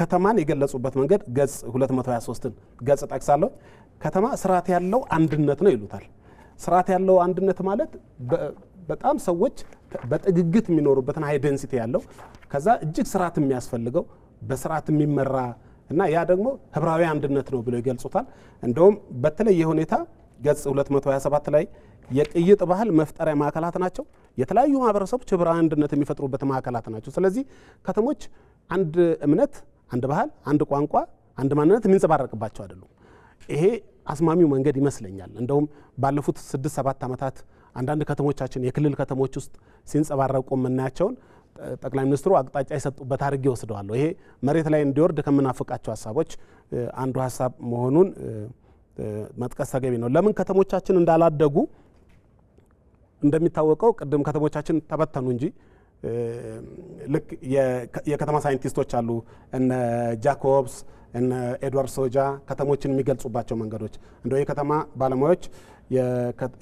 ከተማን የገለጹበት መንገድ ገጽ 223ን ገጽ ጠቅሳለሁ። ከተማ ስርዓት ያለው አንድነት ነው ይሉታል። ስርዓት ያለው አንድነት ማለት በጣም ሰዎች በጥግግት የሚኖሩበትን ሀይ ደንሲቲ ያለው ከዛ እጅግ ስርዓት የሚያስፈልገው በስርዓት የሚመራ እና ያ ደግሞ ህብራዊ አንድነት ነው ብለው ይገልጹታል። እንደውም በተለየ ሁኔታ ገጽ 227 ላይ የቅይጥ ባህል መፍጠሪያ ማዕከላት ናቸው፣ የተለያዩ ማህበረሰቦች ህብራዊ አንድነት የሚፈጥሩበት ማዕከላት ናቸው። ስለዚህ ከተሞች አንድ እምነት አንድ ባህል፣ አንድ ቋንቋ፣ አንድ ማንነት የሚንጸባረቅባቸው አይደሉም። ይሄ አስማሚው መንገድ ይመስለኛል። እንደውም ባለፉት ስድስት ሰባት ዓመታት አንዳንድ ከተሞቻችን የክልል ከተሞች ውስጥ ሲንጸባረቁ የምናያቸውን ጠቅላይ ሚኒስትሩ አቅጣጫ የሰጡበት አድርጌ ወስደዋለሁ። ይሄ መሬት ላይ እንዲወርድ ከምናፍቃቸው ሀሳቦች አንዱ ሀሳብ መሆኑን መጥቀስ ተገቢ ነው። ለምን ከተሞቻችን እንዳላደጉ እንደሚታወቀው ቅድም ከተሞቻችን ተበተኑ እንጂ ልክ የከተማ ሳይንቲስቶች አሉ እነ ጃኮብስ እነ ኤድዋርድ ሶጃ ከተሞችን የሚገልጹባቸው መንገዶች እንደ የከተማ ባለሙያዎች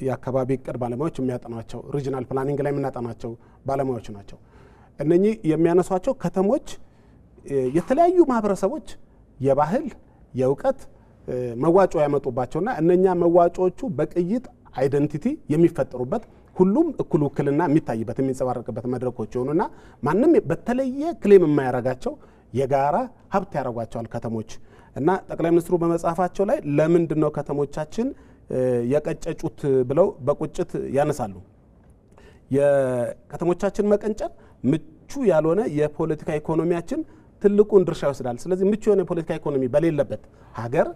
የአካባቢ እቅድ ባለሙያዎች የሚያጠኗቸው ሪጂናል ፕላኒንግ ላይ የምናጠናቸው ባለሙያዎች ናቸው። እነኚህ የሚያነሷቸው ከተሞች የተለያዩ ማህበረሰቦች የባህል የእውቀት መዋጮ ያመጡባቸውና እነኛ መዋጮዎቹ በቅይጥ አይደንቲቲ የሚፈጠሩበት ሁሉም እኩል ውክልና የሚታይበት የሚንጸባረቅበት መድረኮች የሆኑና ማንም በተለየ ክሌም የማያረጋቸው የጋራ ሀብት ያደረጓቸዋል ከተሞች እና ጠቅላይ ሚኒስትሩ በመጽሐፋቸው ላይ ለምንድን ነው ከተሞቻችን የቀጨጩት ብለው በቁጭት ያነሳሉ። የከተሞቻችን መቀንጨር ምቹ ያልሆነ የፖለቲካ ኢኮኖሚያችን ትልቁን ድርሻ ይወስዳል። ስለዚህ ምቹ የሆነ የፖለቲካ ኢኮኖሚ በሌለበት ሀገር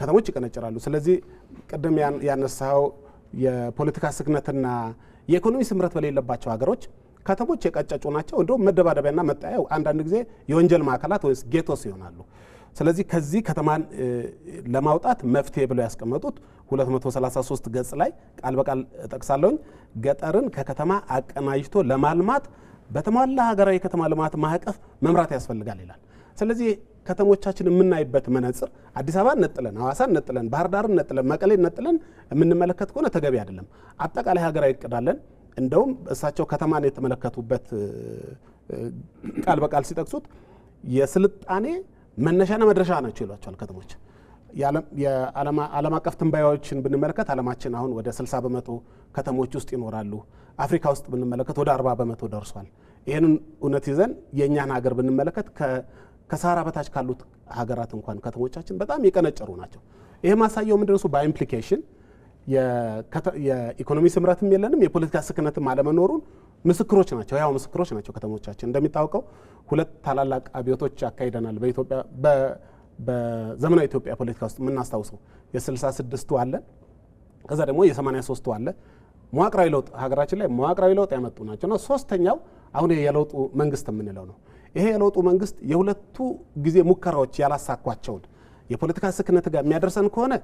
ከተሞች ይቀነጭራሉ። ስለዚህ ቅድም ያነሳው የፖለቲካ ስግነትና የኢኮኖሚ ስምረት በሌለባቸው ሀገሮች ከተሞች የቀጨጩ ናቸው። እንዲሁም መደባደቢያና መጣያ አንዳንድ ጊዜ የወንጀል ማዕከላት ወይስ ጌቶስ ይሆናሉ። ስለዚህ ከዚህ ከተማን ለማውጣት መፍትሄ ብለው ያስቀመጡት 233 ገጽ ላይ ቃል በቃል ጠቅሳለሁኝ። ገጠርን ከከተማ አቀናጅቶ ለማልማት በተሟላ ሀገራዊ የከተማ ልማት ማዕቀፍ መምራት ያስፈልጋል ይላል። ስለዚህ ከተሞቻችን የምናይበት መነጽር አዲስ አበባ ነጥለን፣ ሐዋሳ ነጥለን፣ ባህር ዳር ነጥለን፣ መቀሌ ነጥለን የምንመለከት ከሆነ ተገቢ አይደለም። አጠቃላይ ሀገራዊ እቅዳለን። እንደውም እሳቸው ከተማን የተመለከቱበት ቃል በቃል ሲጠቅሱት የስልጣኔ መነሻና መድረሻ ናቸው ይሏቸዋል ከተሞች። የዓለም አቀፍ ትንባያዎችን ብንመለከት ዓለማችን አሁን ወደ 60 በመቶ ከተሞች ውስጥ ይኖራሉ። አፍሪካ ውስጥ ብንመለከት ወደ 40 በመቶ ደርሷል። ይህንን እውነት ይዘን የእኛን ሀገር ብንመለከት ከሰሃራ በታች ካሉት ሀገራት እንኳን ከተሞቻችን በጣም የቀነጨሩ ናቸው። ይሄ ማሳየው ምንድነው? እሱ በኢምፕሊኬሽን የኢኮኖሚ ስምረትም የለንም የፖለቲካ ስክነትም አለመኖሩን ምስክሮች ናቸው፣ ያው ምስክሮች ናቸው ከተሞቻችን። እንደሚታወቀው ሁለት ታላላቅ አብዮቶች አካሂደናል በኢትዮጵያ በዘመናዊ ኢትዮጵያ ፖለቲካ ውስጥ የምናስታውሰው የ66ቱ አለ ከዛ ደግሞ የ83ቱ አለ መዋቅራዊ ለውጥ ሀገራችን ላይ መዋቅራዊ ለውጥ ያመጡ ናቸው እና ሶስተኛው አሁን የለውጡ መንግስት የምንለው ነው። ይሄ የለውጡ መንግስት የሁለቱ ጊዜ ሙከራዎች ያላሳኳቸውን የፖለቲካ ስክነት ጋር የሚያደርሰን ከሆነ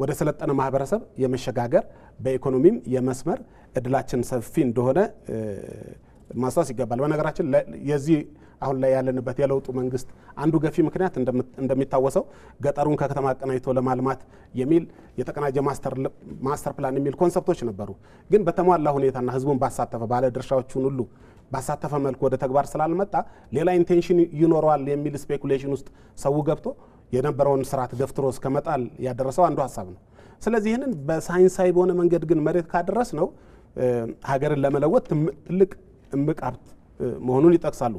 ወደ ሰለጠነ ማህበረሰብ የመሸጋገር በኢኮኖሚም የመስመር እድላችን ሰፊ እንደሆነ ማስታወስ ይገባል። በነገራችን የዚህ አሁን ላይ ያለንበት የለውጡ መንግስት አንዱ ገፊ ምክንያት እንደሚታወሰው ገጠሩን ከከተማ አቀናጅቶ ለማልማት የሚል የተቀናጀ ማስተር ፕላን የሚል ኮንሰፕቶች ነበሩ። ግን በተሟላ ሁኔታና ህዝቡን ባሳተፈ ባለ ድርሻዎቹን ሁሉ ባሳተፈ መልኩ ወደ ተግባር ስላልመጣ ሌላ ኢንቴንሽን ይኖረዋል የሚል ስፔኩሌሽን ውስጥ ሰው ገብቶ የነበረውን ስርዓት ገፍትሮ እስከመጣል ያደረሰው አንዱ ሀሳብ ነው። ስለዚህ ይህንን በሳይንሳዊ በሆነ መንገድ ግን መሬት ካደረስ ነው ሀገርን ለመለወጥ ትልቅ እምቅ ሀብት መሆኑን ይጠቅሳሉ።